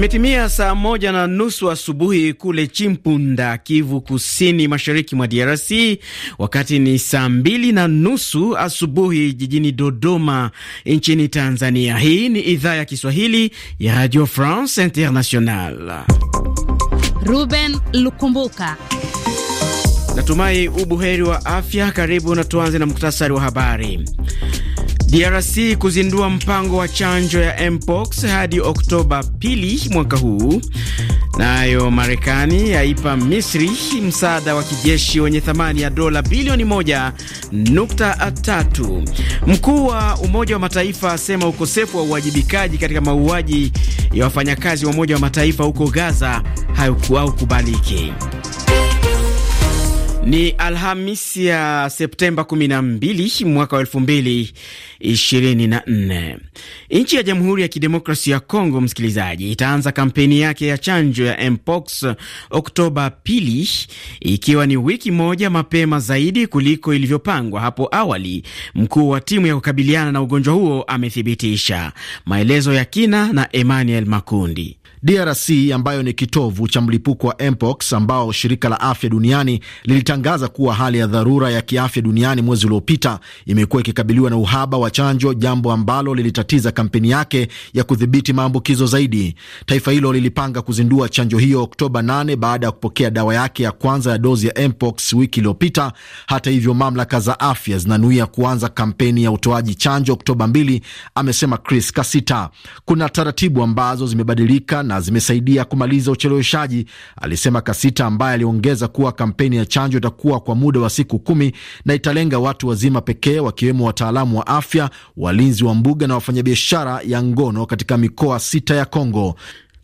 Imetimia saa moja na nusu asubuhi kule Chimpunda, Kivu Kusini, mashariki mwa DRC, wakati ni saa mbili na nusu asubuhi jijini Dodoma nchini Tanzania. Hii ni idhaa ya Kiswahili ya Radio France International. Ruben Lukumbuka, natumai ubuheri wa afya. Karibu na tuanze na muktasari wa habari. DRC kuzindua mpango wa chanjo ya mpox hadi Oktoba pili mwaka huu. Nayo Marekani yaipa Misri msaada wa kijeshi wenye thamani ya dola bilioni moja nukta Mkuu wa Umoja wa Mataifa asema ukosefu wa uwajibikaji katika mauaji ya wafanyakazi wa Umoja wa Mataifa huko Gaza haukubaliki. Ni Alhamisi ya Septemba 12 mwaka wa 2024. Nchi ya Jamhuri ya Kidemokrasi ya Kongo, msikilizaji, itaanza kampeni yake ya chanjo ya mpox Oktoba pili, ikiwa ni wiki moja mapema zaidi kuliko ilivyopangwa hapo awali. Mkuu wa timu ya kukabiliana na ugonjwa huo amethibitisha maelezo ya kina na Emmanuel Makundi. DRC ambayo ni kitovu cha mlipuko wa mpox ambao shirika la afya duniani lilitangaza kuwa hali ya dharura ya kiafya duniani mwezi uliopita, imekuwa ikikabiliwa na uhaba wa chanjo, jambo ambalo lilitatiza kampeni yake ya kudhibiti maambukizo zaidi. Taifa hilo lilipanga kuzindua chanjo hiyo Oktoba 8 baada ya kupokea dawa yake ya kwanza ya dozi ya mpox wiki iliyopita. Hata hivyo, mamlaka za afya zinanuia kuanza kampeni ya utoaji chanjo Oktoba 2, amesema Chris Kasita. Kuna taratibu ambazo zimebadilika na zimesaidia kumaliza ucheleweshaji, alisema Kasita, ambaye aliongeza kuwa kampeni ya chanjo itakuwa kwa muda wa siku kumi na italenga watu wazima pekee, wakiwemo wataalamu wa afya, walinzi wa mbuga na wafanyabiashara ya ngono katika mikoa sita ya Kongo.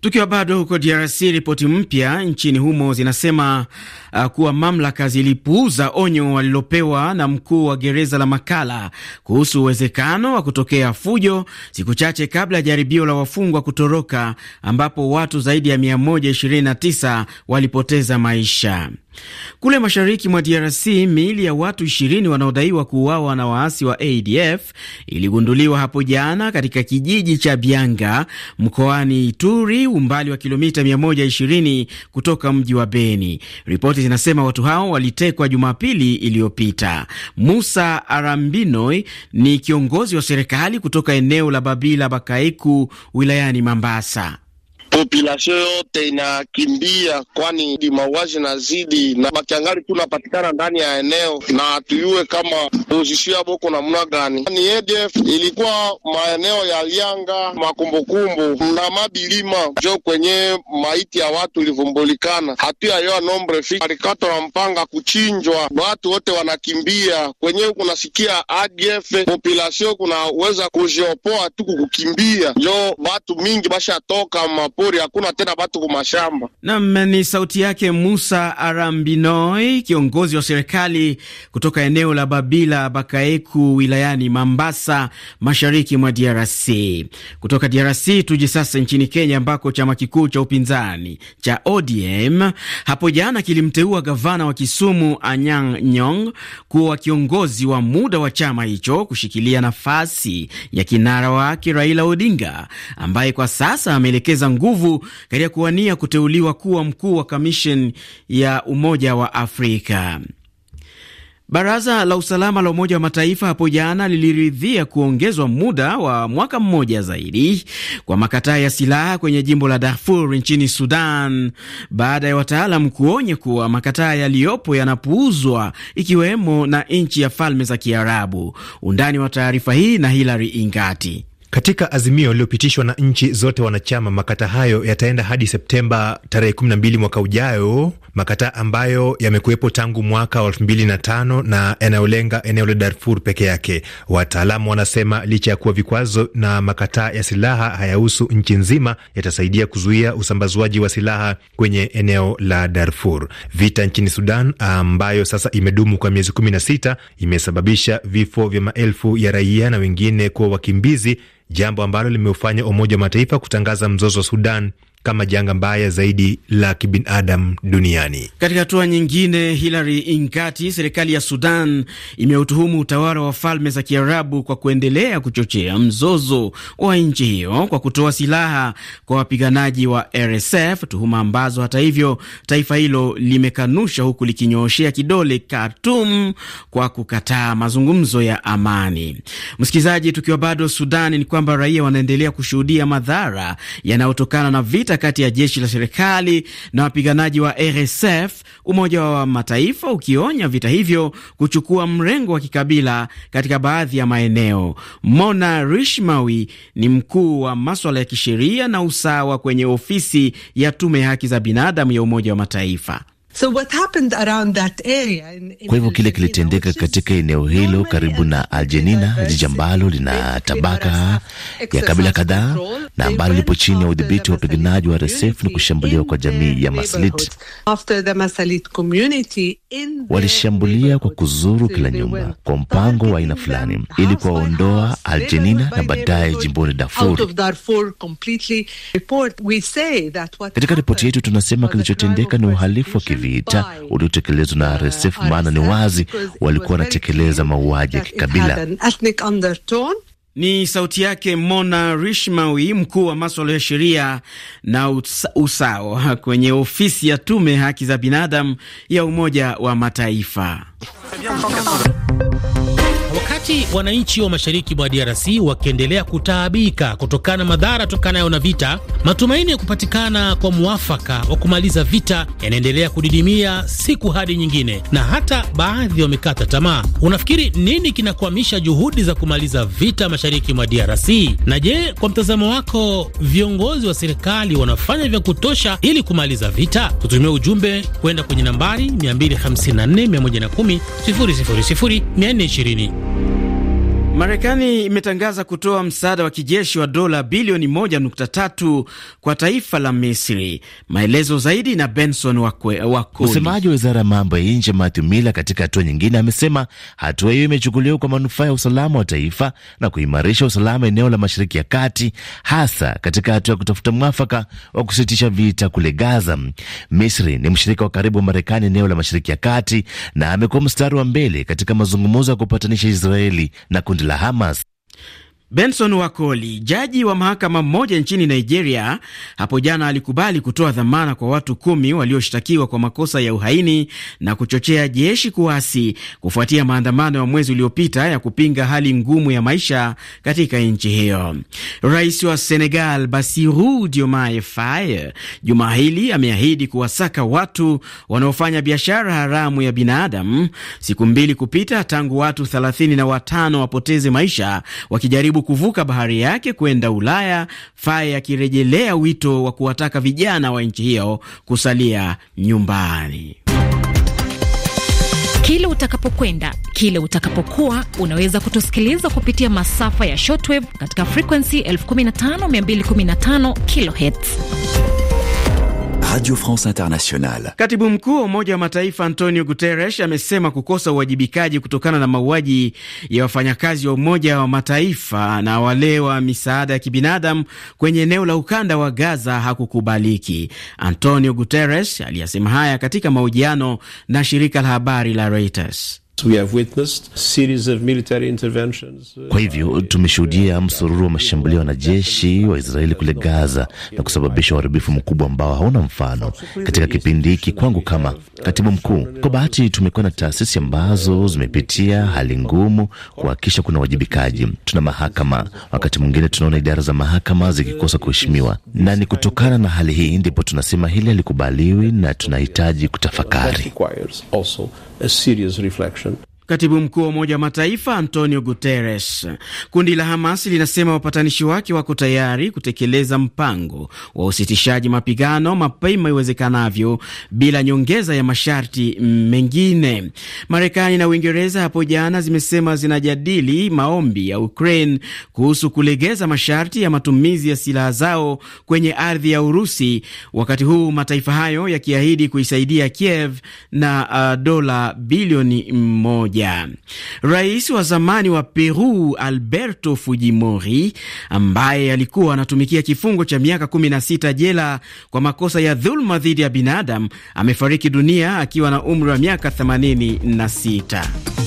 Tukiwa bado huko DRC, ripoti mpya nchini humo zinasema uh, kuwa mamlaka zilipuuza onyo walilopewa na mkuu wa gereza la Makala kuhusu uwezekano wa kutokea fujo siku chache kabla ya jaribio la wafungwa kutoroka ambapo watu zaidi ya 129 walipoteza maisha. Kule mashariki mwa DRC miili ya watu 20 wanaodaiwa kuuawa na waasi wa ADF iligunduliwa hapo jana katika kijiji cha Bianga mkoani Ituri, umbali wa kilomita 120 kutoka mji wa Beni. Ripoti zinasema watu hao walitekwa Jumapili iliyopita. Musa Arambinoi ni kiongozi wa serikali kutoka eneo la Babila Bakaiku wilayani Mambasa population yote inakimbia, kwani di mauaji na zidi na makiangali tu napatikana ndani ya eneo, na tuyue kama pozisio ya boko namna gani. Ni ADF ilikuwa maeneo ya Lianga, Makumbukumbu na Mabilima jo kwenye maiti ya watu ilivumbulikana, hatuyayoa nombre fi alikato na mpanga kuchinjwa, watu wote wanakimbia kwenye Kunasikia ADF population kunaweza kujiopoa tu kukukimbia, njo watu mingi bashatoka mapo Jamhuri hakuna tena watu kumashamba. Nam ni sauti yake Musa Arambinoi, kiongozi wa serikali kutoka eneo la Babila Bakaeku wilayani Mambasa, mashariki mwa DRC. Kutoka DRC tuje sasa nchini Kenya, ambako chama kikuu cha upinzani cha ODM hapo jana kilimteua gavana wa Kisumu Anyang' Nyong' kuwa kiongozi wa muda wa chama hicho kushikilia nafasi ya kinara wake Raila Odinga ambaye kwa sasa ameelekeza nguvu nguvu katika kuwania kuteuliwa kuwa mkuu wa kamisheni ya Umoja wa Afrika. Baraza la usalama la Umoja wa Mataifa hapo jana liliridhia kuongezwa muda wa mwaka mmoja zaidi kwa makataa ya silaha kwenye jimbo la Darfur nchini Sudan, baada ya wataalam kuonya kuwa makataa yaliyopo yanapuuzwa, ikiwemo na nchi ya Falme za Kiarabu. Undani wa taarifa hii na Hilary Ingati. Katika azimio lililopitishwa na nchi zote wanachama, makataa hayo yataenda hadi Septemba tarehe 12 mwaka ujayo, makataa ambayo yamekuwepo tangu mwaka wa 2005 na yanayolenga eneo la Darfur peke yake. Wataalamu wanasema licha ya kuwa vikwazo na makataa ya silaha hayahusu nchi nzima, yatasaidia kuzuia usambazwaji wa silaha kwenye eneo la Darfur. Vita nchini Sudan ambayo sasa imedumu kwa miezi 16 imesababisha vifo vya maelfu ya raia na wengine kuwa wakimbizi jambo ambalo limeufanya Umoja wa Mataifa kutangaza mzozo wa Sudan kama janga mbaya zaidi la kibinadamu duniani. Katika hatua nyingine, Hilary Inkati, serikali ya Sudan imeutuhumu utawala wa Falme za Kiarabu kwa kuendelea kuchochea mzozo wa nchi hiyo kwa kutoa silaha kwa wapiganaji wa RSF, tuhuma ambazo hata hivyo taifa hilo limekanusha, huku likinyooshea kidole Khartoum kwa kukataa mazungumzo ya amani. Msikilizaji, tukiwa bado Sudan, ni kwamba raia wanaendelea kushuhudia madhara yanayotokana na vita vita kati ya jeshi la serikali na wapiganaji wa RSF, Umoja wa Mataifa ukionya vita hivyo kuchukua mrengo wa kikabila katika baadhi ya maeneo. Mona Rishmawi ni mkuu wa maswala ya kisheria na usawa kwenye ofisi ya tume ya haki za binadamu ya Umoja wa Mataifa. Kwa hivyo kile kilitendeka katika eneo hilo karibu na Aljenina, jiji ambalo lina tabaka ya kabila kadhaa na ambalo lipo chini ya udhibiti wa wapiganaji wa RSF ni kushambuliwa kwa jamii ya Masalit. Walishambulia kwa kuzuru kila nyumba kwa mpango wa aina fulani, ili kuwaondoa Aljenina na baadaye jimboni Darfur. Katika ripoti yetu tunasema kilichotendeka ni uhalifu wa vita uliotekelezwa na RSF, maana ni wazi walikuwa wanatekeleza mauaji ya kikabila. Ni sauti yake Mona Rishmawi, mkuu wa maswala ya sheria na usawa kwenye ofisi ya tume haki za binadamu ya Umoja wa Mataifa. Wakati wananchi wa mashariki mwa DRC wakiendelea kutaabika kutokana na madhara tokanayo na vita, matumaini ya kupatikana kwa mwafaka wa kumaliza vita yanaendelea kudidimia siku hadi nyingine, na hata baadhi wamekata tamaa. Unafikiri nini kinakwamisha juhudi za kumaliza vita mashariki mwa DRC? Na je, kwa mtazamo wako, viongozi wa serikali wanafanya vya kutosha ili kumaliza vita? Kutumia ujumbe kwenda kwenye nambari 254 110 000 420. Marekani imetangaza kutoa msaada wa kijeshi wa dola bilioni 1.3 kwa taifa la Misri. Maelezo zaidi na Benson Wako. Msemaji wa wizara ya mambo ya nje Matthew Miller, katika hatua nyingine, amesema hatua hiyo imechukuliwa kwa manufaa ya usalama wa taifa na kuimarisha usalama eneo la Mashariki ya Kati, hasa katika hatua ya kutafuta mwafaka wa kusitisha vita kule Gaza. Misri ni mshirika wa karibu wa Marekani eneo la Mashariki ya Kati na amekuwa mstari wa mbele katika mazungumzo ya kupatanisha Israeli na kundi la Hamas. Benson Wakoli, jaji wa mahakama mmoja nchini Nigeria, hapo jana alikubali kutoa dhamana kwa watu kumi walioshtakiwa kwa makosa ya uhaini na kuchochea jeshi kuasi kufuatia maandamano ya mwezi uliopita ya kupinga hali ngumu ya maisha katika nchi hiyo. Rais wa Senegal Basiru Diomaye Faye juma hili ameahidi kuwasaka watu wanaofanya biashara haramu ya binadamu, siku mbili kupita tangu watu thelathini na watano wapoteze maisha wakijaribu kujaribu kuvuka bahari yake kwenda Ulaya, Faye akirejelea wito wa kuwataka vijana wa nchi hiyo kusalia nyumbani. Kile utakapokwenda kile utakapokuwa, unaweza kutusikiliza kupitia masafa ya shortwave katika frekuensi 15215 kilohertz. Radio France Internationale. Katibu mkuu wa Umoja wa Mataifa Antonio Guterres amesema kukosa uwajibikaji kutokana na mauaji ya wafanyakazi wa Umoja wa Mataifa na wale wa misaada ya kibinadamu kwenye eneo la ukanda wa Gaza hakukubaliki. Antonio Guterres aliyasema haya katika mahojiano na shirika la habari la Reuters. Kwa hivyo tumeshuhudia msururu wa mashambulio na wanajeshi wa Israeli kule Gaza na kusababisha uharibifu mkubwa ambao hauna mfano katika kipindi hiki kwangu kama katibu mkuu. Kwa bahati, tumekuwa na taasisi ambazo zimepitia hali ngumu kuhakikisha kuna uwajibikaji. Tuna mahakama, wakati mwingine tunaona idara za mahakama zikikosa kuheshimiwa, na ni kutokana na hali hii ndipo tunasema hili halikubaliwi na tunahitaji kutafakari katibu mkuu wa Umoja wa Mataifa Antonio Guterres. Kundi la Hamas linasema wapatanishi wake wako tayari kutekeleza mpango wa usitishaji mapigano mapema iwezekanavyo bila nyongeza ya masharti mengine. Marekani na Uingereza hapo jana zimesema zinajadili maombi ya Ukraine kuhusu kulegeza masharti ya matumizi ya silaha zao kwenye ardhi ya Urusi, wakati huu mataifa hayo yakiahidi kuisaidia Kiev na uh, dola bilioni moja moja. Rais wa zamani wa Peru Alberto Fujimori ambaye alikuwa anatumikia kifungo cha miaka 16 jela kwa makosa ya dhuluma dhidi ya binadamu amefariki dunia akiwa na umri wa miaka 86.